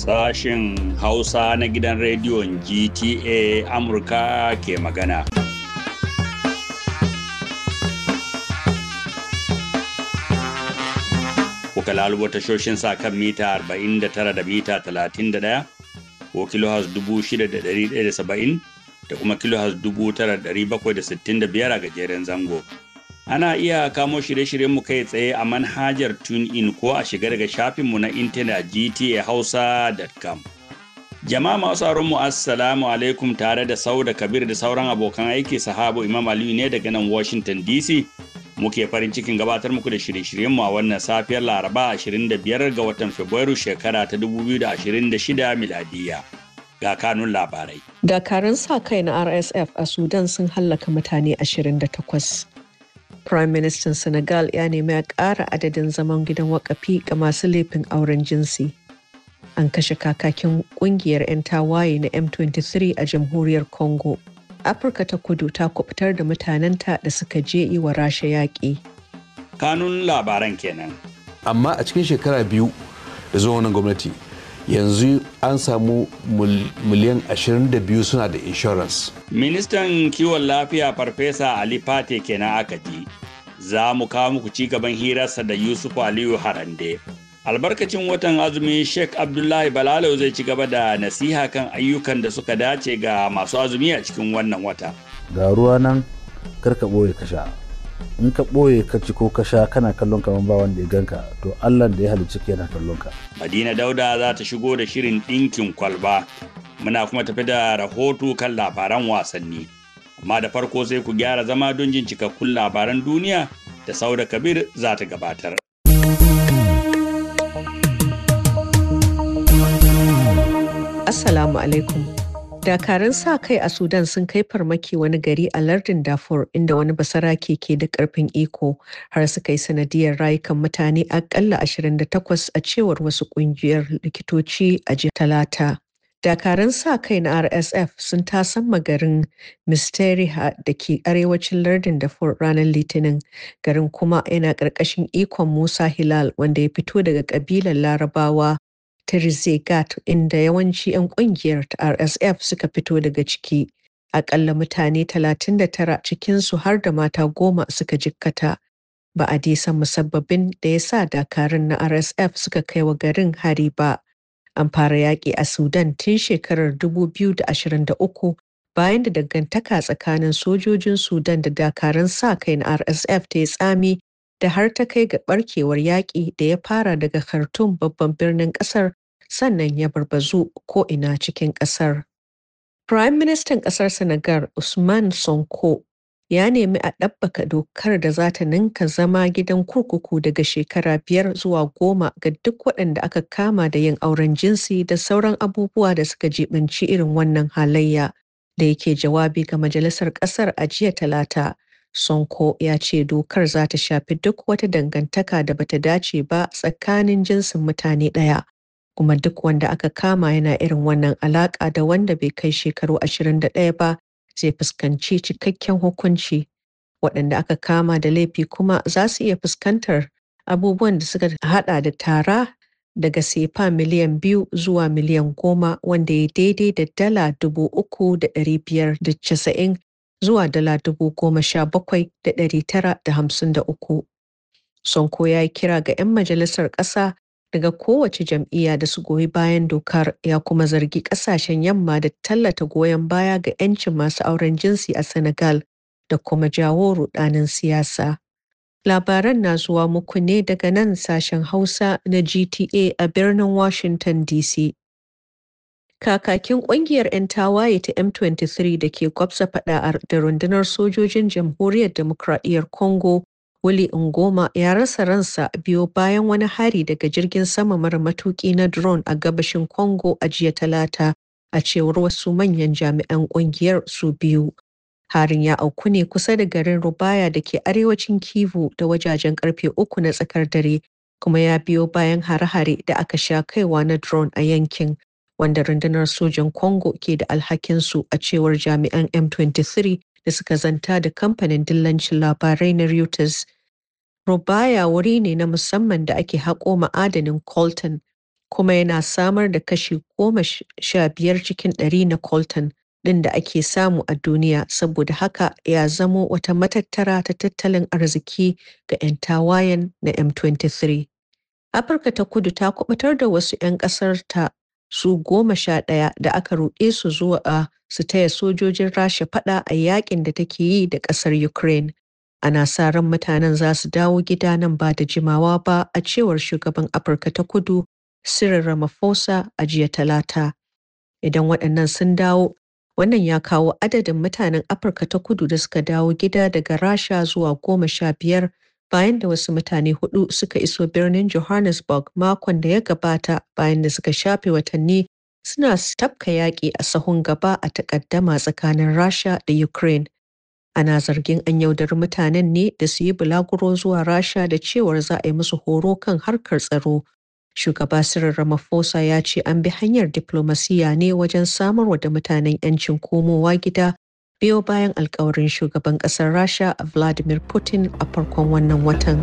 Sashen Hausa na gidan rediyon GTA Amurka ke magana. Kuka lalubo tashoshin sa kan mita 49 da mita 31 ko dubu 6,170 da kuma da 9,765 a gajeren zango. Ana iya kamo shirye-shiryen mu kai tsaye a manhajar TuneIn ko a shiga daga shafinmu na intanet gtahausa.com. Jama'a masu mu assalamu alaikum tare da sau da kabir da sauran abokan aiki sahabu Imam Aliyu ne daga nan Washington DC. Muke farin cikin gabatar muku da shirye-shiryenmu a wannan safiyar Laraba 25 ga watan Fabrairu shekara ta 2026 miladiya. Ga kanun labarai. Dakarun sa kai na RSF a Sudan sun hallaka mutane 28. Prime Minister Senegal ya nemi a ƙara adadin zaman gidan wakafi ga masu laifin auren jinsi. An kashe kakakin ƙungiyar 'yan tawaye na M23 a jamhuriyar Congo. Afirka ta kudu ta kubutar da mutanenta da suka je yi wa rasha yaƙi. Kanun labaran kenan. Amma a cikin shekara biyu da zuwa wannan gwamnati yanzu an samu miliyan 22 suna da insurance. ministan kiwon lafiya farfesa ali fate kenan aka ji za mu kawo muku ci gaban hirarsa da yusuf aliyu harande albarkacin watan azumi sheikh abdullahi balalo zai ci gaba da nasiha kan ayyukan da suka dace ga masu azumi a cikin wannan wata ga ruwa nan karka ɓoye ka sha in ka ɓoye ka ci ko ka sha kana kallon kamar ba wanda ya ganka to allah da ya halicci yana kallon ka. madina dauda za ta shigo da shirin ɗinkin kwalba muna kuma tafi da rahoto kan labaran wasanni amma da farko sai ku gyara zama don jin cikakkun labaran duniya da sauda kabir za ta gabatar. assalamu alaikum Dakarun sa kai a Sudan sun kai farmaki wani gari a lardin dafur inda wani basara keke da karfin iko har suka yi sanadiyar rayukan mutane akalla 28 a cewar wasu kungiyar likitoci a jihar talata. Dakarun sa kai na RSF sun tasamma garin Misteriha da ke arewacin lardin dafur ranar Litinin. Garin kuma yana ƙarƙashin ikon Musa Hilal wanda ya fito daga ƙabilar Larabawa Gat inda yawanci 'yan ƙungiyar ta RSF suka fito daga ciki. Aƙalla mutane 39 cikinsu har da mata goma suka jikkata. Ba a dai san musabbabin da ya sa dakarun na RSF suka kai wa garin hari ba. An fara yaƙi a Sudan tun shekarar 2023 bayan da dangantaka tsakanin sojojin Sudan da dakarun sa kai na RSF ta yi tsami da har ta kai ga ɓarkewar yaƙi da ya fara daga Khartoum babban birnin ƙasar sannan ya barbazu ko'ina cikin ƙasar. Firayim Ministan ƙasar Senegal Usman Sonko ya nemi a ɗabbaka dokar da za ta ninka zama gidan kurkuku daga shekara biyar zuwa goma ga duk waɗanda aka kama da yin auren jinsi da sauran abubuwa da suka jibanci irin wannan halayya da yake jawabi ga majalisar ƙasar a jiya talata. Sonko ya ce dokar za ta shafi duk wata dangantaka da bata dace ba tsakanin jinsin mutane ɗaya kuma duk wanda aka kama yana irin wannan alaƙa da wanda bai kai shekaru 21 ba zai fuskanci cikakken hukunci waɗanda aka kama da laifi kuma za su iya fuskantar abubuwan da suka hada da tara daga sefa miliyan biyu zuwa miliyan goma wanda ya daidai da dala dubu uku da ɗari biyar da casa'in zuwa dala dubu goma sha bakwai da ɗari tara da hamsin da uku. Sonko ya yi kira ga 'yan majalisar ƙasa daga kowace jam'iyya da su goyi bayan dokar ya kuma zargi kasashen yamma da tallata goyon baya ga 'yancin masu auren jinsi a Senegal da kuma jawo rudanin siyasa. Labaran na zuwa muku ne daga nan sashen Hausa na GTA a birnin Washington DC. Kakakin ƙungiyar 'yan tawaye ta M23 da ke gwabza faɗa da rundunar sojojin Jamhuriyar Demokradiyyar Congo Willy Ngoma ya rasa ransa biyo bayan wani hari daga jirgin sama mara matuki na drone a gabashin Congo a jiya talata a cewar wasu manyan jami'an kungiyar su biyu. Harin ya auku ne kusa da garin Rubaya da ke arewacin Kivu da wajajen karfe uku na tsakar dare kuma ya biyo bayan hare-hare da aka sha kaiwa na drone a yankin. wanda rundunar sojan Congo ke da alhakinsu a cewar jami'an M23 da suka zanta da kamfanin dillancin labarai na Reuters. Rubaya wuri ne na musamman da ake haƙo ma'adanin coltan kuma yana samar da kashi goma sha biyar cikin ɗari na coltan ɗin da ake samu a duniya saboda haka ya zamo wata matattara ta tattalin arziki ga 'yan tawayen na M23. Afirka ta kudu ta kubutar da wasu 'yan ƙasarta su goma sha ɗaya da aka ruɗe su zuwa su taya sojojin Rasha faɗa a yakin da take yi da ƙasar Ukraine. ana sa ran mutanen za su dawo gida nan ba da jimawa ba a cewar shugaban afirka ta kudu Cyril Ramaphosa a jiya talata idan waɗannan sun dawo wannan ya kawo adadin mutanen afirka ta kudu da suka dawo gida daga rasha zuwa goma sha biyar bayan da wasu mutane hudu suka iso birnin johannesburg makon da ya gabata bayan da suka shafe watanni suna tafka yaƙi a sahun gaba a takaddama tsakanin rasha da ukraine ana zargin an yaudari mutanen ne da su yi bulaguro zuwa rasha da cewar za a yi musu horo kan harkar tsaro shugaba Cyril Ramaphosa ya ce an bi hanyar diplomasiya ne wajen samarwa da mutanen 'yancin komowa gida biyo bayan alkawarin shugaban ƙasar Rasha Vladimir Putin a farkon wannan watan.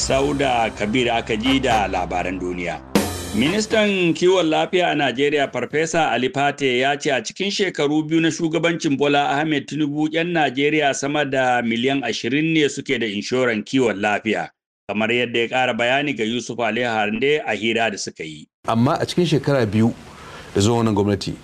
sau da Kabir aka ji da labaran duniya. Ministan kiwon lafiya a Najeriya Farfesa Ali Fate ya ce a cikin shekaru biyu na shugabancin Bola Ahmed Tinubu 'yan Najeriya sama da miliyan ashirin ne suke da inshoran kiwon lafiya. Kamar yadda ya ƙara bayani ga Yusuf Ali Harande a hira da suka yi. Amma a cikin shekara biyu da zuwa wannan gwamnati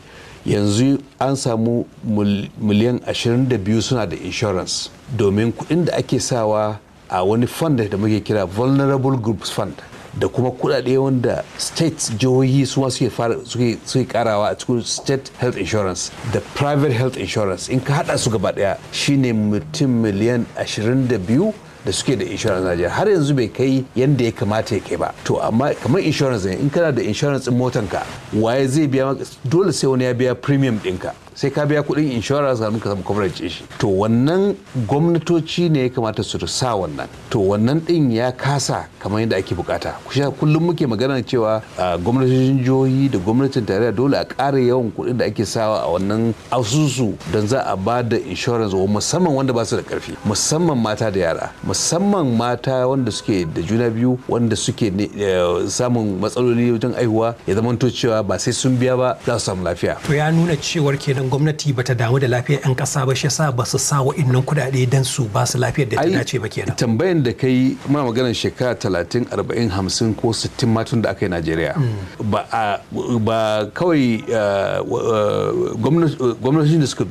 yanzu an samu miliyan ashirin da biyu suna da insurance domin kuɗin da ake sawa a wani fund da muke kira vulnerable groups fund da kuma kudade wanda state jihohi su ma suke karawa a cikin state health insurance da private health insurance in ka hada su gaba daya shine mutum miliyan 22 da suke da insurance Najeriya har yanzu bai kai yadda ya kamata ya kai ba to amma kamar insurance ne in kana da insurance motanka waye zai biya dole sai wani ya biya premium ɗinka sai ka biya kuɗin insurance ga ka samu coverage shi to wannan gwamnatoci ne ya kamata su sa wannan to wannan din ya kasa kamar yadda ake bukata kullum muke magana cewa gwamnatocin jihohi da gwamnatin tarayya dole a ƙara yawan kuɗin da ake sawa a wannan asusu don za a ba da insurance wa musamman wanda ba su da ƙarfi musamman mata da yara musamman mata wanda suke da juna biyu wanda suke e, samun matsaloli wajen aihuwa ya zamanto cewa ba sai sun biya ba za su samu lafiya to ya nuna cewar kenan wannan gwamnati bata damu da lafiyar 'yan kasa ba shi sa ba su sa wa'innan kuɗaɗe don su ba su lafiyar da ta dace ba kenan tambayan da kai ma maganar shekara talatin arba'in hamsin ko sittin matun da aka yi Najeriya mm. ba ba kawai eh, eh, gwamnatin da suka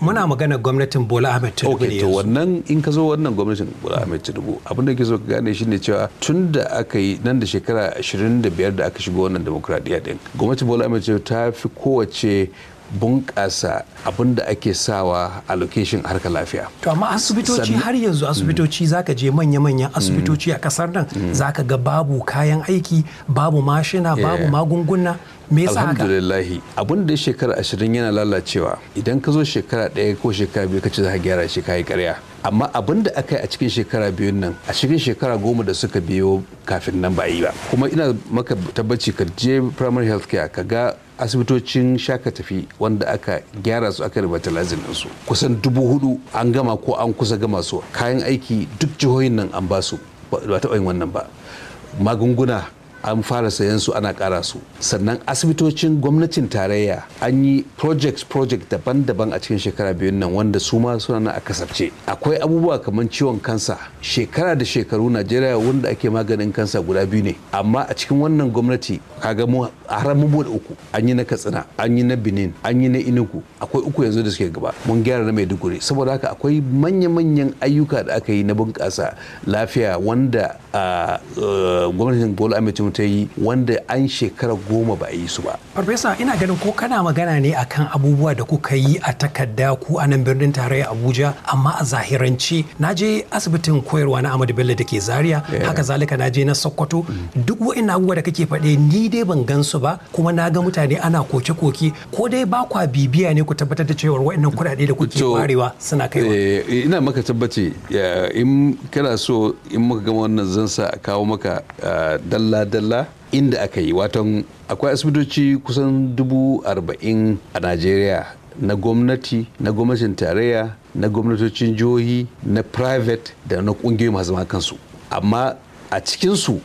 muna maganar gwamnatin Bola Ahmed Tinubu ok to wannan in ka zo wannan gwamnatin Bola Ahmed Tinubu abin da ke so ka gane shine cewa tun da aka yi nan da shekara 25 da aka shiga wannan demokradiyya din gwamnatin Bola Ahmed Tinubu ta fi kowace bunƙasa abin da ake sawa a lokacin harkar lafiya. To amma asibitoci har yanzu mm. asibitoci zaka je manya-manyan mm. asibitoci a kasar nan mm. Za ka ga babu kayan aiki babu mashina babu magunguna me yasa haka Alhamdulillahi abin da shekara ashirin yana lalacewa idan ka zo shekara ɗaya ko shekara biyu ka ce za ka gyara shi kayi karya amma abin da aka yi a cikin shekara biyun nan a cikin shekara goma da suka biyo kafin nan ba yi ba kuma ina maka tabbaci ka je primary health care ka ga asibitocin shaka tafi wanda aka gyara su aka riba revitalizing su kusan dubu hudu an gama ko an kusa gama su kayan aiki duk jihohin nan an ba su ba taɓa yin wannan ba magunguna an fara sayan su ana kara su sannan asibitocin gwamnatin tarayya an yi project project daban-daban a cikin shekara biyun nan wanda su ma suna nan a kasarce akwai abubuwa kamar ciwon kansa shekara da shekaru najeriya wanda ake maganin kansa guda biyu ne amma a cikin wannan gwamnati kaga mu har mu bude uku an yi na katsina an yi na benin an yi na inugu akwai uku yanzu da suke gaba mun gyara na maiduguri saboda haka akwai manya-manyan ayyuka da aka yi na bunƙasa lafiya wanda a gwamnatin bola ahmed ta yi wanda an shekara goma ba a yi su ba farfesa ina ganin ko kana magana ne akan abubuwa da kuka yi a takarda ko a nan birnin tarayya abuja amma a zahirance na je asibitin koyarwa na amadu bello da ke zaria haka zalika na je na sokoto mm. duk wa'in abubuwa da kake faɗe ni dai ban gan su ba kuma na ga mutane ana koke-koke ko dai ba kwa bibiya ne ku tabbatar da cewar wa'annan kuɗaɗe da kuke warewa suna kaiwa eh, ina maka tabbace in kana so in muka gama wannan sa a kawo maka dalla-dalla inda aka yi watan akwai asibitoci kusan dubu arba'in a najeriya na gwamnati na gwamnatin tarayya na gwamnatocin jihohi na private da na kungiyoyi masu zama kansu amma a cikinsu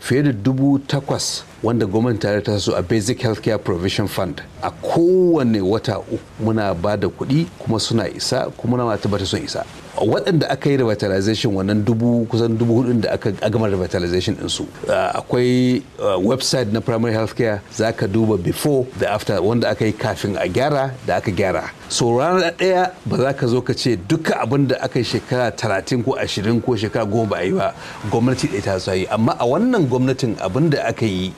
fiye da dubu takwas wanda gwamnati tare ta su a basic healthcare provision fund a kowane wata uku muna ba da kuɗi kuma suna isa kuma na tabbata sun isa waɗanda aka yi revitalization wannan dubu kusan dubu hudun da aka gama revitalization ɗinsu uh, akwai uh, website na primary health care za ka duba before da after wanda aka yi kafin a gyara da aka gyara so ranar ɗaya ba za ka zo ka ce duka abin da aka yi shekara talatin ko ashirin ko shekara goma ba a yi ba gwamnati ɗaya ta so yi amma a wannan gwamnatin abin da aka yi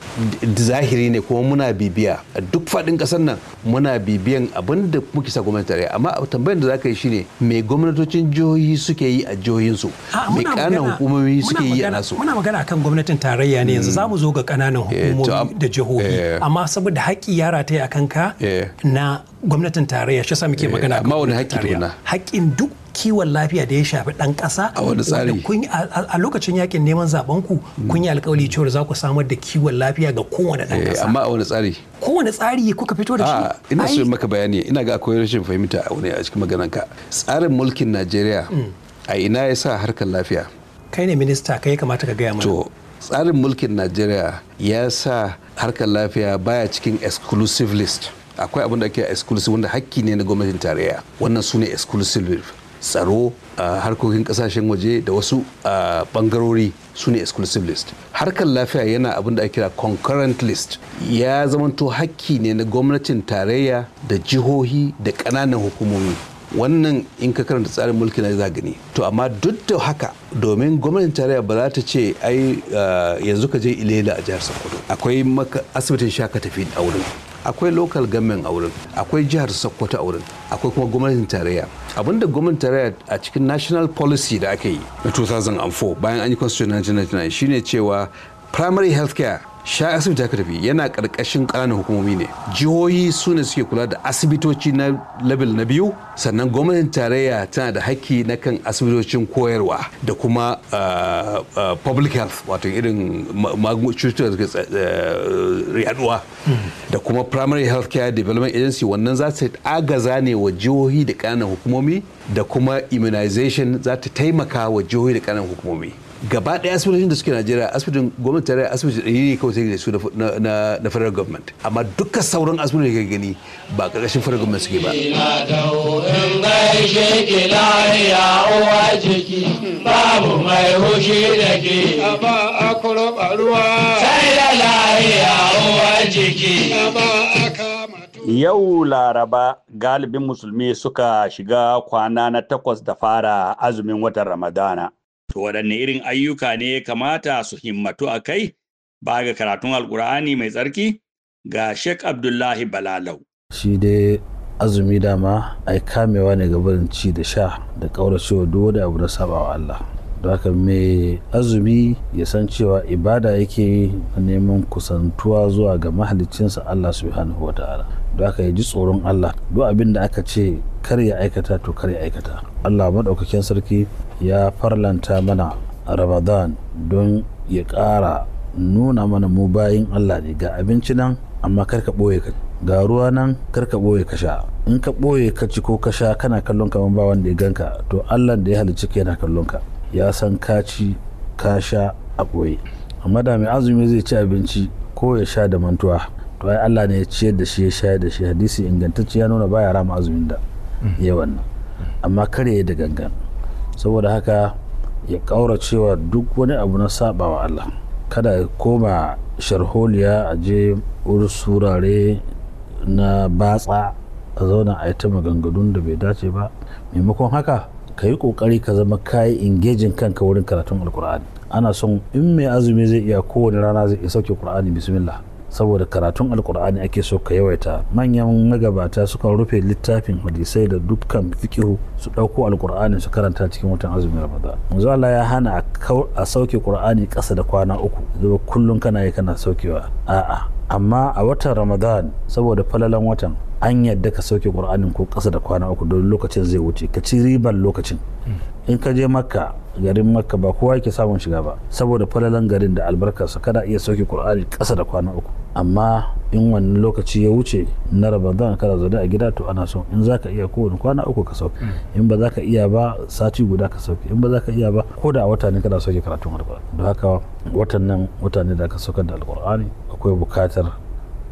zahiri ne kuma muna bibiya a duk faɗin ƙasar nan muna bibiyan abin da muke sa gwamnati tare amma tambayar da za ka yi shine mai gwamnatocin jihohi jihohi suke yi a jihohinsu mai ƙananan hukumomi suke yi a nasu muna magana kan gwamnatin tarayya ne yanzu mm. za mu zo ga ƙananan eh, hukumomi da jihohi eh. amma saboda haƙƙi ya rataye a ka eh. na gwamnatin tarayya shi sa muke magana kan gwamnatin tarayya haƙƙin duk kiwon lafiya da ya shafi dan ƙasa a wani tsari a lokacin yakin neman zaben ku kun yi alkawari cewa za ku samar da kiwon lafiya ga kowane dan eh, ƙasa amma a wani tsari kowane tsari kuka fito da shi ina so maka bayani ina ga akwai rashin fahimta a wani a cikin ka tsarin mulkin Najeriya hmm. a ina ya sa harkar lafiya kai ne minista kai kamata ka gaya mana to tsarin mulkin Najeriya ya sa harkar lafiya baya cikin exclusive list akwai abin da ake exclusive wanda hakki ne na gwamnatin tarayya wannan su ne exclusive tsaro a harkokin kasashen waje da wasu bangarori su ne exclusive list harkar lafiya yana abin da ake kira concurrent list ya zamanto hakki ne na gwamnatin tarayya da jihohi da kananan hukumomi wannan in ka karanta tsarin mulki na za gani to amma duk da haka domin gwamnatin tarayya ba za ta ce ai yanzu ka je ilela a jihar sokoto akwai asibitin shaka tafi a wurin akwai local government a wurin akwai jihar sokoto a wurin akwai kuma gwamnatin tarayya abinda gwamnatin tarayya a cikin national policy da aka yi na 2004 bayan an yi constitution 1999 shine cewa primary health care sha asibiti ka tafi yana karkashin ƙananan hukumomi ne jihohi su ne suke kula da asibitoci na level na biyu sannan gwamnatin tarayya tana da haƙƙi na kan asibitocin koyarwa da kuma ah, ah, public health wato irin cututtuka da suke eh, yaduwa da kuma primary health care development agency wannan za ta agaza ne wa jihohi da ƙananan hukumomi da kuma immunization za ta taimaka wa jihohi da ƙananan hukumomi gaba ɗaya asibitocin da suke najeriya asibitin gwamnati tarayya asibiti da ne kawai take da su na federal government amma duka sauran asibitoci da kake gani ba ƙarƙashin federal government suke ba. babu mai da ke sai da uwa jiki Yau Laraba galibin musulmi suka shiga kwana na takwas da fara azumin watan Ramadana. to waɗanne irin ayyuka ne ya kamata su himmatu a kai ba ga karatun alkur'ani mai tsarki ga Sheikh Abdullahi Balalau. Shi dai azumi dama ai kamewa ne ga barin ci da sha da ƙauracewa duk wani abu da sabawa Allah. Don haka mai azumi ya san cewa ibada yake neman kusantuwa zuwa ga mahalicinsa Allah subhanahu wa ta'ala. da aka ji tsoron Allah duk abin da aka ce kar ya aikata to kar ya aikata Allah maɗaukakin sarki ya farlanta mana Ramadan don ya ƙara nuna mana mu bayin Allah ne ga abinci nan amma kar ka ɓoye ka ga ruwa nan kar ka ɓoye ka sha in ka ɓoye ka ci ko ka sha kana kallon ka ba wanda ya ganka to Allah da ya halicci ka yana kallon ka ya san ka ci ka sha a ɓoye amma da mai azumi zai ci abinci ko ya sha da mantuwa wai Allah ne ya ciyar da shi ya shayar da shi hadisi ingantacce ya nuna baya rama azumin da ya wannan amma kare ya da gangan saboda haka ya kaura cewa duk wani abu na sabawa Allah kada ya koma sharholiya a je wuri surare na batsa a zauna a yi ta maganganun da bai dace ba maimakon haka ka yi kokari ka zama kayi ingejin kanka wurin karatun alkur'ani ana son in mai azumi zai iya kowane rana zai iya sauke kur'ani bismillah saboda karatun alkur'ani ake so ka yawaita manyan magabata suka rufe littafin hadisai da dukkan fikihu su ɗauko alkur'ani su karanta cikin watan azumin ramadan manzo Allah ya hana a sauke qur'ani ƙasa da kwana uku zuwa kullum kana yi kana saukewa a'a amma a watan ramadan saboda falalan watan an yadda ka sauke qur'anin ko ƙasa da kwana uku don lokacin zai wuce ka ci riban lokacin in ka je makka garin makka ba kowa yake samun shiga ba saboda falalan garin da albarkarsa kada iya sauke kur'ani kasa da kwana uku amma in wani lokaci ya wuce na ramadan kana zaune a gida to ana so in za ka iya kowane kwana uku ka sauke mm. in ba za ka iya ba sati guda ka sauke in ba za ka iya ba ko da a wata ne kana sauke karatun alkur'ani don haka watan nan wata da ka saukar da alkur'ani akwai bukatar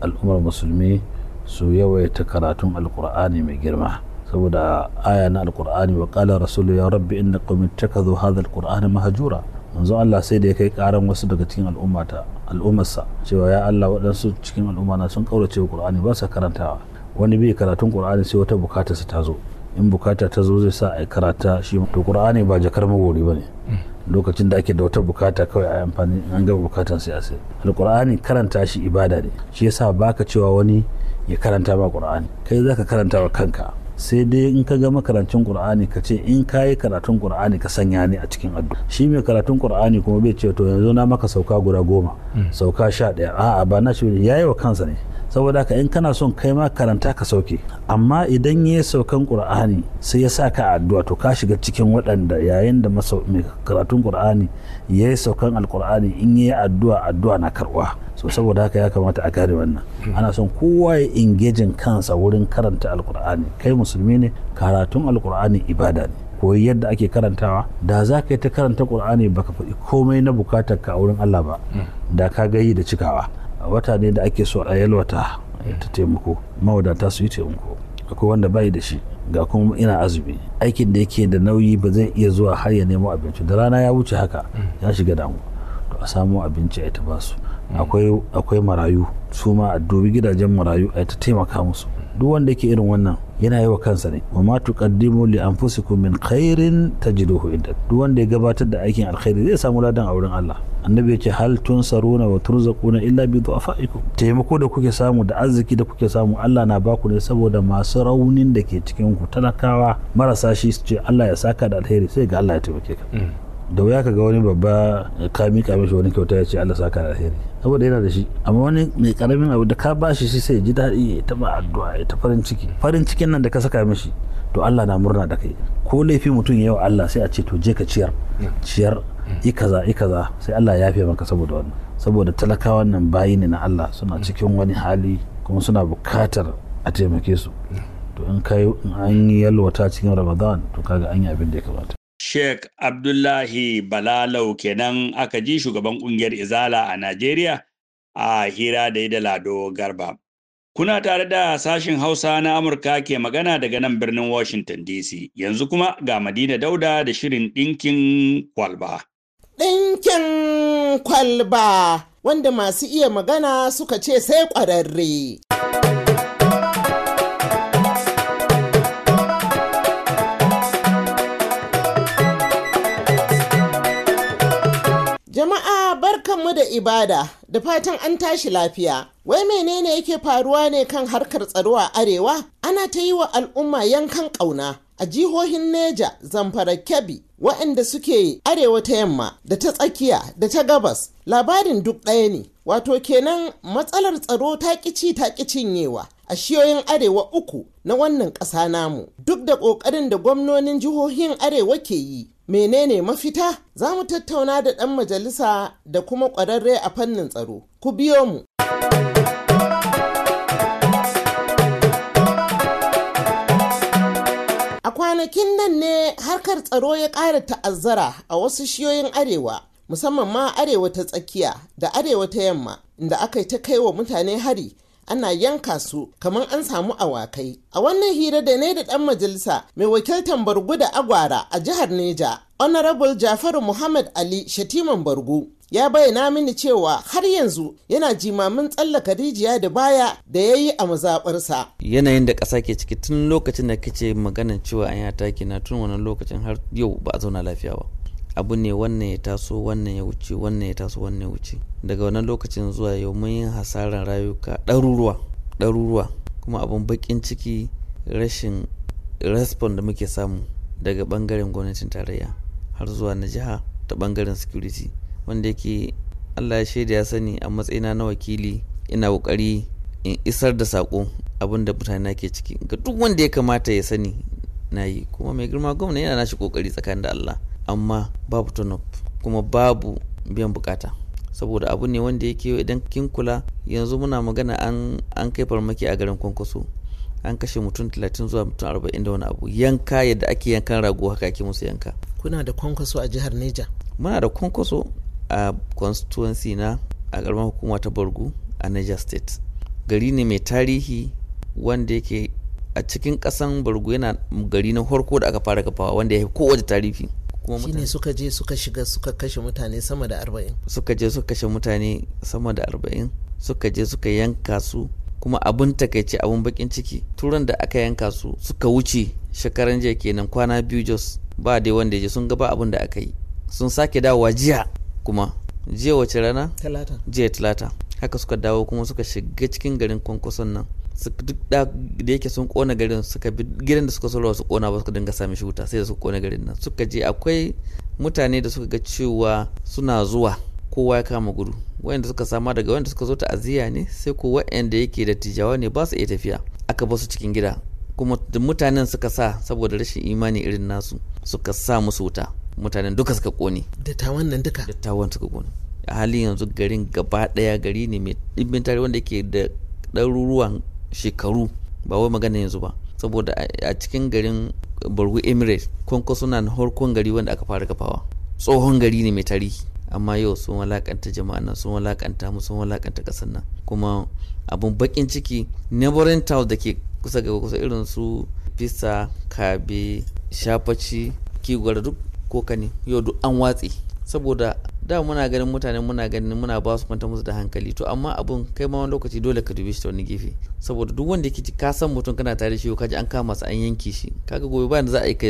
al'ummar musulmi su yawaita karatun alkur'ani mai girma saboda aya na alkur'ani wa qala rasulu ya rabbi inna qaumi zo hadha alqur'ana mahjura manzo Allah sai da ya kai karan wasu daga cikin al'ummata al'ummarsa cewa ya Allah waɗansu cikin al'umma na sun kaurace wa qur'ani ba sa karantawa wani bai karatun kur'ani sai wata bukata su ta zo in bukata ta zo zai sa a karata shi to qur'ani ba jakar magori ne lokacin da ake da wata bukata kawai a amfani an gaba bukatan sai a sai alqur'ani karanta shi ibada ne shi yasa baka cewa wani ya karanta ma kur'ani kai zaka karanta wa kanka sai dai in ka ga makarantun qur'ani ka ce in ka yi karatun qur'ani ka sanya ni a cikin addu'a shi mai karatun qur'ani kuma bai ce to yanzu na maka sauka guda goma mm. sauka sha ɗaya a'a ba na shi ya yi wa kansa ne saboda haka in kana son kai ma karanta ka sauke amma idan ya yi saukan qur'ani sai ya sa ka addu'a to ka shiga cikin waɗanda yayin da mai karatun qur'ani ya yi saukan alqur'ani in ya yi addu'a addu'a na karɓa so saboda haka ya kamata a gane wannan ana son kowa ya ingejin kansa wurin karanta alqur'ani kai musulmi ne karatun alqur'ani ibada ne koyi yadda ake karantawa da za ka yi ta karanta qur'ani baka faɗi komai na bukatar ka a wurin Allah ba da ka gayi da cikawa wata ne da ake so a yalwata eh, ta taimako mawadata su yi taimako akwai wanda bai da shi ga kuma ina azumi aikin da yake da nauyi ba zai iya zuwa har ya nemo abinci da rana ya wuce haka ya shiga damu to a samu abinci a ta basu mm. akwai marayu su ma a dubi gidajen marayu a ta taimaka musu duk wanda yake irin wannan yana yi wa kansa ne wa ma tuqaddimu li anfusikum min khairin tajiduhu inda duk wanda ya gabatar da aikin alkhairi zai samu ladan a wurin Allah annabi yace hal tunsaruna wa turzaquna illa bi du'afaikum taimako da kuke samu da arziki da kuke samu Allah na baku ne saboda masu raunin da ke cikin ku talakawa marasa shi su ce Allah ya saka da alheri sai ga Allah ya taimake ka mm. da wuya ka ga wani babba ka mika mishi wani kyauta ya ce Allah saka da alheri saboda yana da shi amma wani mai karamin abu da ka bashi shi sai ji daɗi ya taɓa addu'a ya ta farin ciki farin cikin nan da ka saka mishi to Allah na murna da kai ko laifi mutum yau Allah sai a ce to je ka ciyar ciyar yi kaza yi kaza sai Allah ya fiye maka saboda wannan saboda talakawan nan bayi ne na Allah suna cikin wani hali kuma suna buƙatar a taimake su to in kai an yi yalwata cikin Ramadan to kaga an yi abin da ya kamata Sheikh Abdullahi Balalau kenan aka ji shugaban kungiyar Izala a Najeriya a hira da da Lado Garba. Kuna tare da sashin Hausa na Amurka ke magana daga nan birnin Washington DC. Yanzu kuma ga Madina Dauda da shirin ɗinkin kwalba. Ɗinkin kwalba wanda masu iya magana suka ce sai ƙwararre. da ibada da fatan an tashi lafiya. Wai menene yake faruwa ne kan harkar tsaro a arewa? Ana ta yi wa al'umma yankan ƙauna a jihohin Neja, Zamfara, Kebbi, waɗanda suke arewa ta yamma da ta tsakiya da ta gabas. Labarin duk ɗaya ne. Wato kenan matsalar tsaro ta ƙici ta cinyewa. a shiyoyin arewa uku na wannan ƙasa namu duk da ƙoƙarin da gwamnonin jihohin arewa ke yi menene mafita za mu tattauna da ɗan majalisa da kuma ƙwararre a fannin tsaro ku biyo mu a kwanakin nan ne harkar tsaro ya ƙara ta'azzara a wasu shiyoyin arewa musamman ma arewa ta tsakiya da arewa ta yamma inda aka ta kai wa mutane hari ana yanka su kamar an samu awakai a wannan hira da ne da dan majalisa mai wakiltan bargu da agwara a jihar neja honorable jafaru muhammad ali shatiman bargu ya bayyana mini cewa har yanzu yana jimamin tsallaka rijiya da baya da ya yi a mazaɓarsa. Yanayin da ƙasa ke ciki tun lokacin da kace maganar cewa an yi ataki na tun wannan lokacin har yau ba a zauna lafiya ba. abu ne wannan ya taso wannan ya wuce wannan ya taso wannan ya wuce daga wannan lokacin zuwa yau mun yi hasarar rayuka ɗaruruwa ɗaruruwa kuma abin bakin ciki rashin respond da muke samu daga bangaren gwamnatin tarayya har zuwa na jiha ta bangaren security wanda yake allah ya shaida ya sani a matsayina na wakili ina ƙoƙari in isar da saƙo abin da mutane ke ciki ga duk wanda ya kamata ya sani na yi kuma mai girma gwamna yana nashi ƙoƙari tsakanin da allah amma babu turnoff kuma babu biyan bukata saboda abu ne wanda yake idan kin kula yanzu muna magana an, an kai farmaki a garin kwankwaso an kashe mutum 30 zuwa mutum 40 da wani abu yanka yadda ake yankan rago haka ake musu yanka kuna da kwankwaso a jihar neja muna da kwankwaso a constituency na a karamar hukuma ta borgu a niger state gari ne mai tarihi wanda yake a cikin kasan borgu yana gari na farko da aka fara kafawa wanda ya fi kowace tarihi kuma mutane suka je suka shiga suka kashe mutane sama da arba'in suka je suka kashe mutane sama da arba'in suka je suka yanka su kuma abin takaice abin bakin ciki turan da aka yanka su suka wuce shekaran jiya kenan kwana biyu jos ba dai wanda ya je sun gaba abin da aka yi sun sake dawowa jiya kuma jiya wace rana Talata. jiya talata haka suka dawo kuma suka shiga cikin garin kwankwason nan duk da yake sun kona garin suka bi gidan da suka so su kona ba suka dinga sami shi sai da suka kona garin nan suka je akwai mutane da suka ga cewa suna zuwa kowa ya kama gudu wayanda suka sama daga wayanda suka zo aziya ne sai ko wayanda yake da tijawa ne ba su iya tafiya aka su cikin gida kuma mutanen suka sa saboda rashin imani irin nasu suka sa musu wuta mutanen duka suka kone dattawan nan duka dattawan suka kone a halin yanzu garin gaba daya gari ne mai dimbin tare wanda yake da ɗaruruwan shekaru ba wai magana yanzu ba saboda a cikin garin borgo emirates kwankwaso na harkon gari wanda aka fara kafawa tsohon gari ne mai tarihi amma yau sun walakanta jama'a nan sun walakanta mu sun walakanta kasar nan kuma abun bakin ciki neighboring town da ke kusa ga kusa irin su fisa kabe shafaci kigwar duk ko ne yau duk an watse saboda da muna ganin mutane muna ganin muna ba su kwanta musu da hankali to amma abun kai ma wani lokaci dole ka dubi shi ta wani gefe saboda duk wanda yake ka san mutum kana tare da shi ka ji an kama su an yanke shi kaga gobe ba za a yi ka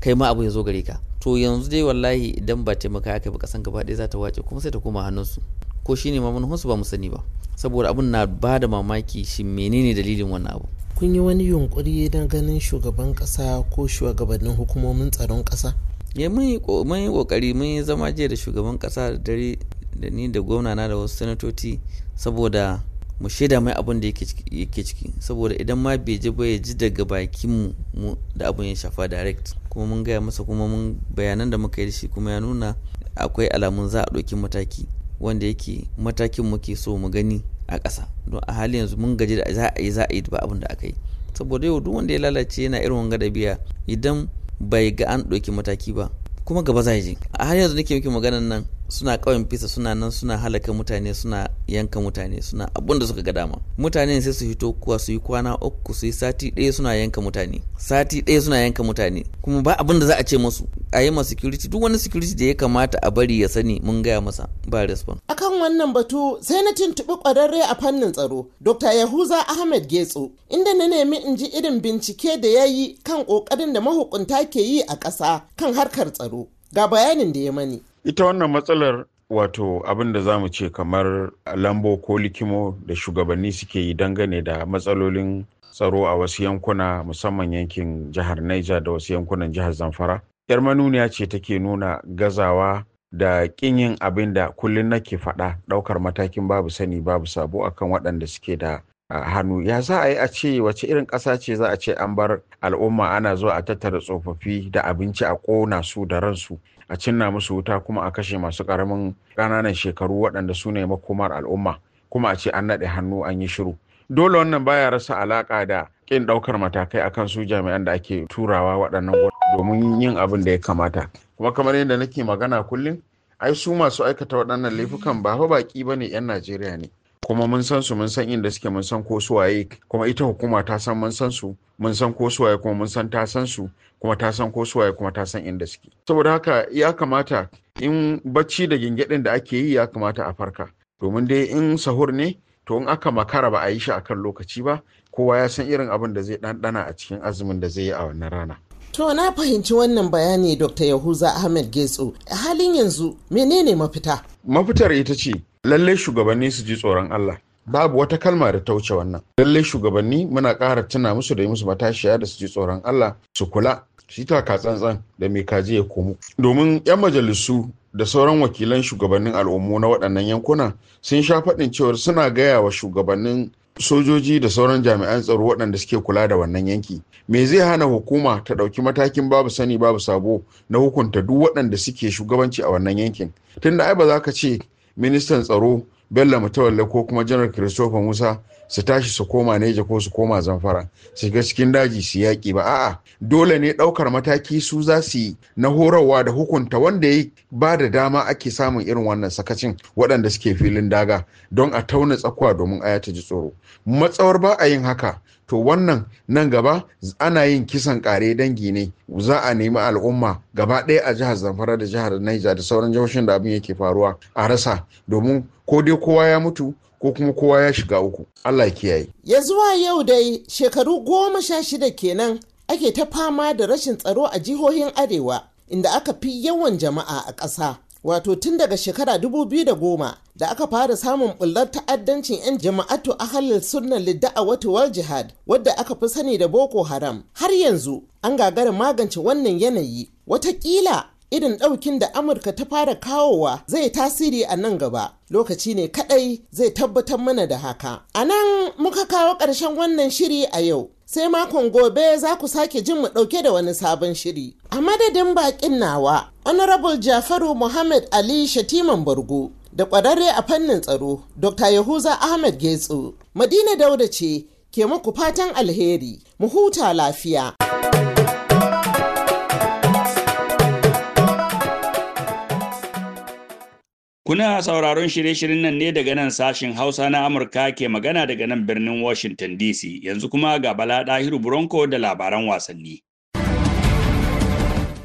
kai ma abun ya zo gare ka to yanzu dai wallahi idan ba taimaka aka ba kasan gaba ɗaya za ta wace kuma sai ta koma hannunsu ko shine ma manuhunsu ba mu sani ba saboda abun na ba da mamaki shi menene dalilin wannan abu kun yi wani yunkuri na ganin shugaban kasa ko shugabannin hukumomin tsaron kasa ya mun yi kokari mun yi zama jiya da shugaban kasa da dare da ni da gwamna na da wasu sanatoci saboda mu shaida mai abin da yake ciki saboda idan ma bai ji ba ya ji daga bakin mu da abin ya shafa direct kuma mun gaya masa kuma mun bayanan da muka yi shi kuma ya nuna akwai alamun za a ɗauki mataki wanda yake matakin muke so mu gani a ƙasa don a halin yanzu mun gaji da za a yi za a yi ba abin da aka yi saboda yau duk wanda ya lalace yana irin wanga da biya idan bai ga an ɗauki mataki ba kuma gaba zai je a har yanzu nake miki maganan nan suna kawai fisa suna nan suna halaka mutane suna yanka mutane suna abun da suka ga dama mutane sai su hito kuwa su yi kwana uku su yi sati ɗaya suna yanka mutane sati ɗaya suna yanka mutane kuma ba abun da za a ce musu a yi ma security duk wani security da ya kamata a bari ya sani mun gaya masa ba response akan wannan batu sai na tuntuɓi ƙwararre a fannin tsaro dr yahuza ahmed getso inda na nemi in ji irin bincike da ya yi kan ƙoƙarin da mahukunta ke yi a ƙasa kan harkar tsaro ga bayanin da ya mani ita wannan matsalar wato abin da za mu ce kamar lambo ko likimo da shugabanni suke yi dangane da matsalolin tsaro a wasu yankuna musamman yankin jihar Niger da wasu yankunan jihar Zamfara. Yar manuniya ce take nuna gazawa da ƙin yin abin da kullum nake faɗa ɗaukar matakin babu sani babu sabo akan waɗanda suke da hannu ya za a yi a ce wace irin ƙasa ce za a ce an bar al'umma ana zuwa a tattara tsofaffi da abinci a ƙona su da ransu a cinna musu wuta kuma a kashe masu ƙaramin ƙananan shekaru waɗanda su ne makomar al'umma kuma a ce an naɗe hannu an yi shiru dole wannan baya rasa alaƙa da ƙin ɗaukar matakai akan su jami'an da ake turawa waɗannan domin yin abin da ya kamata kuma kamar yadda nake magana kullum ai su masu aikata waɗannan laifukan ba fa baƙi ba ne 'yan najeriya ne kuma mun san su mun san inda suke mun san ko suwaye kuma ita hukuma ta san mun san su mun san ko suwaye kuma mun san ta san su kuma ta san ko suwaye kuma ta san inda suke saboda haka ya kamata in bacci da gingidin da ake yi ya kamata a farka domin dai in sahur ne to in aka makara ba a yi shi akan lokaci ba kowa ya san irin abin da zai ɗanɗana a cikin azumin da zai yi a wannan rana To na fahimci wannan bayani Dr. Yahuza Ahmed getso halin yanzu menene mafita? Mafitar ita ce lallai shugabanni su ji tsoron Allah babu wata kalma da ta wuce wannan lallai shugabanni muna ƙara tuna musu da yi musu matashiya da su ji tsoron Allah su kula shi ka tsantsan da mai kaji ya komo domin 'yan majalisu da sauran wakilan shugabannin al'ummu na waɗannan yankuna sun sha faɗin cewar suna gaya wa shugabannin sojoji da sauran jami'an tsaro waɗanda suke kula da wannan yanki me zai hana hukuma ta ɗauki matakin babu sani babu sabo na hukunta duk waɗanda suke shugabanci a wannan yankin tunda ai ba za ka ce ministan tsaro bello mutawalle ko kuma janar christopher musa su tashi su koma neja ko su koma zamfara su shiga cikin daji su yaƙi ba a'a dole ne ɗaukar mataki su za su yi na horarwa da hukunta wanda ya ba da dama ake samun irin wannan sakacin waɗanda suke filin daga don a tauna tsakuwa domin aya ta ji tsoro matsawar ba a yin haka to wannan nan gaba ana yin kisan kare dangi ne za a nemi al'umma gaba ɗaya a jihar zamfara da jihar naija da sauran jihohin da abin yake faruwa a rasa domin ko dai kowa ya mutu ko kuma kowa ya shiga uku allah kiyaye ya zuwa yau dai shekaru goma sha shida kenan ake ta fama da rashin tsaro a jihohin arewa inda aka fi yawan jama'a a ƙasa wato tun daga shekara 2010 da aka fara samun bullar ta'addancin 'yan jama'atu a halin sunan sunnan a wal jihad wadda aka fi sani da boko haram har yanzu an gagara magance wannan yanayi watakila irin ɗaukin da amurka ta fara kawowa zai tasiri a nan gaba lokaci ne kaɗai zai tabbatar mana da haka a nan muka kawo ƙarshen wannan shiri a yau sai makon gobe za ku sake jin mu ɗauke da wani sabon shiri. A madadin baƙin nawa, Honorable Jafaru Muhammad Ali Shatiman Bargo da kwararre a fannin tsaro, Dr. Yahuza Ahmed Getsu, Madina Dauda ce ke muku fatan alheri, mu huta lafiya. Kuna sauraron shirye-shiryen nan ne daga nan sashin Hausa na Amurka ke magana daga nan birnin Washington DC yanzu kuma ga Bala Dahiru Bronco da labaran wasanni.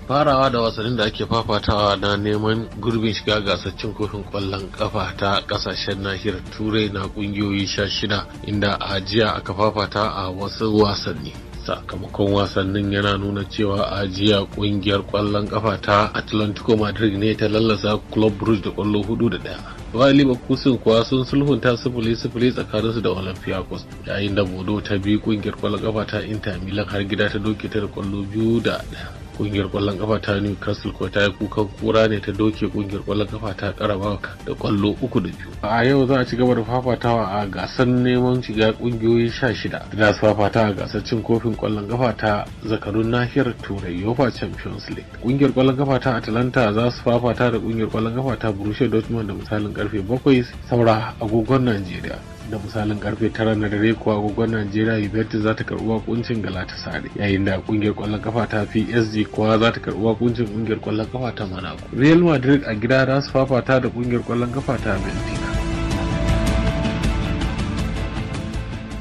Farawa da wasannin da ake fafatawa na neman gurbin shiga gasar cin kofin kwallon kafa ta ƙasashen nahiyar Turai na kungiyoyi sha shida inda a jiya aka fafata a wasu wasanni. sakamakon wasannin yana nuna cewa ajiya ƙungiyar kungiyar kwallon kafa ta atlantico madrid ne ta lallasa club brugge da kwallo hudu da daya bayan leverkusen kuwa sun sulhunta sifili sifili tsakaninsu da olympiacos yayin da bodo ta bi kungiyar kwallon kafa ta inter milan har gida ta doke ta da kwallo biyu da daya kungiyar kwallon kafa ta newcastle ko ta yi kukan kura ne ta doke kungiyar kwallon kafa ta karaba da kwallo uku da biyu a yau za a ci gaba da fafatawa a gasar neman shiga kungiyoyi sha shida da su fafata a gasar cin kofin kwallon kafa ta zakarun nahiyar turai yofa champions league kungiyar kwallon kafa ta atalanta za su fafata da kungiyar kwallon kafa ta borussia dortmund da misalin karfe bakwai saura agogon nigeria. da misalin karfe tara na dare kuwa agogon Najeriya Juventus za ta karɓi wakuncin Galatasaray yayin da kungiyar kwallon kafa ta PSG kuwa za ta karɓi wakuncin kungiyar kwallon kafa ta Monaco. Real Madrid a gida za su fafata da kungiyar kwallon kafa ta Benfica.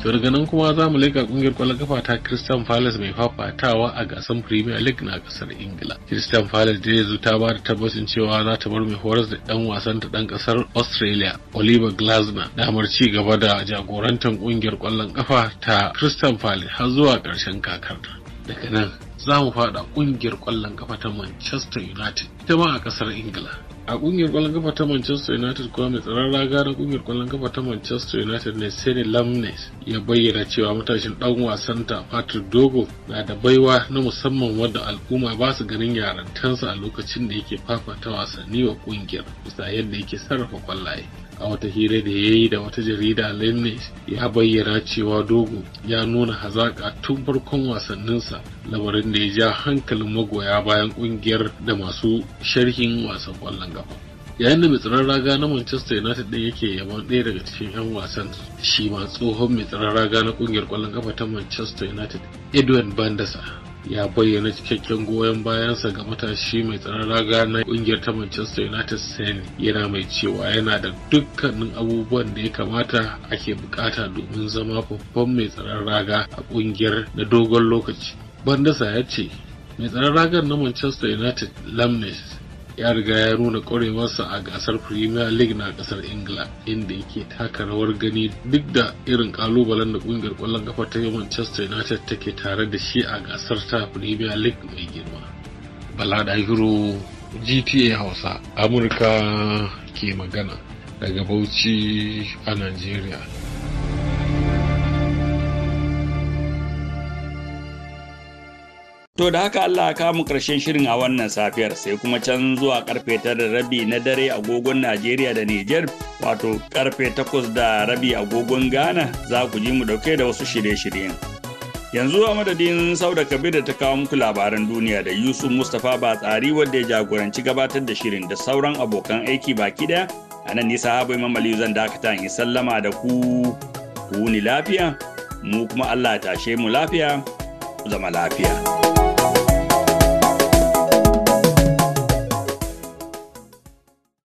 to daga nan kuma za mu leka ƙungiyar ƙwallon kafa ta Christian Palace mai fafatawa a gasar Premier League na ƙasar Ingila. Christian Palace da yanzu ta bada tabbacin cewa za ta bar mai horas da ɗan wasan ta ɗan ƙasar Australia Oliver Glasner damar ci gaba da jagorantar ƙungiyar kwallon kafa ta Christian Palace har zuwa ƙarshen kakar. Daga nan za mu faɗa ƙungiyar kwallon kafa ta Manchester United ita ma a ƙasar Ingila a kungiyar kwallon kafa ta manchester united kuma mai tsaron raga na kungiyar kwallon kafa ta manchester united ne sani lamnes ya bayyana cewa matashin dan wasan ta patrick dogo na da baiwa na musamman wadda al'umma ba su ganin yarantansa a lokacin da yake fafata wasanni wa kungiyar bisa yadda yake sarrafa kwallaye a wata hira da ya yi da wata jarida Lennes ya bayyana cewa Dogo ya nuna hazaƙa tun farkon wasanninsa lamarin da ya ja hankalin magoya bayan ƙungiyar da masu sharhin wasan ƙwallon gaba. yayin da mitsirar raga na manchester united ɗin yake yaban ɗaya daga cikin 'yan wasan shi ma tsohon mitsirar raga na ƙungiyar ƙwallon kafa ta manchester united edwin bandasa ya bayyana cikakken goyon bayansa ga matashi mai tsaron raga na kungiyar ta Manchester United Sen yana mai cewa yana da dukkanin abubuwan da ya kamata ake bukata domin zama babban mai tsaron raga a kungiyar na dogon lokaci. Bandasa ya ce, mai tsaron ragar na Manchester United Lamnes ya riga ya nuna ƙwarewarsa a gasar premier league na ƙasar ingila inda yake taka rawar gani duk da irin ƙalubalen da ƙungiyar ƙwallon kafa ta manchester united take tare da shi a gasar ta premier league mai girma bala da gta hausa amurka ke magana daga bauchi a nigeria To da haka Allah ka mu ƙarshen shirin a wannan safiyar sai kuma can zuwa karfe tara da rabi na dare agogon Najeriya da Nijar wato karfe takwas da rabi agogon Ghana za ku ji mu dauke da wasu shirye-shiryen. Yanzu a madadin Sauda Kabir da ta kawo muku labaran duniya da Yusuf Mustapha Batsari wanda ya jagoranci gabatar da shirin da sauran abokan aiki baki daya. A nan nisa habu Imam Aliyu zan dakata in sallama da ku ku ni lafiya mu kuma Allah ya tashe mu lafiya zama lafiya.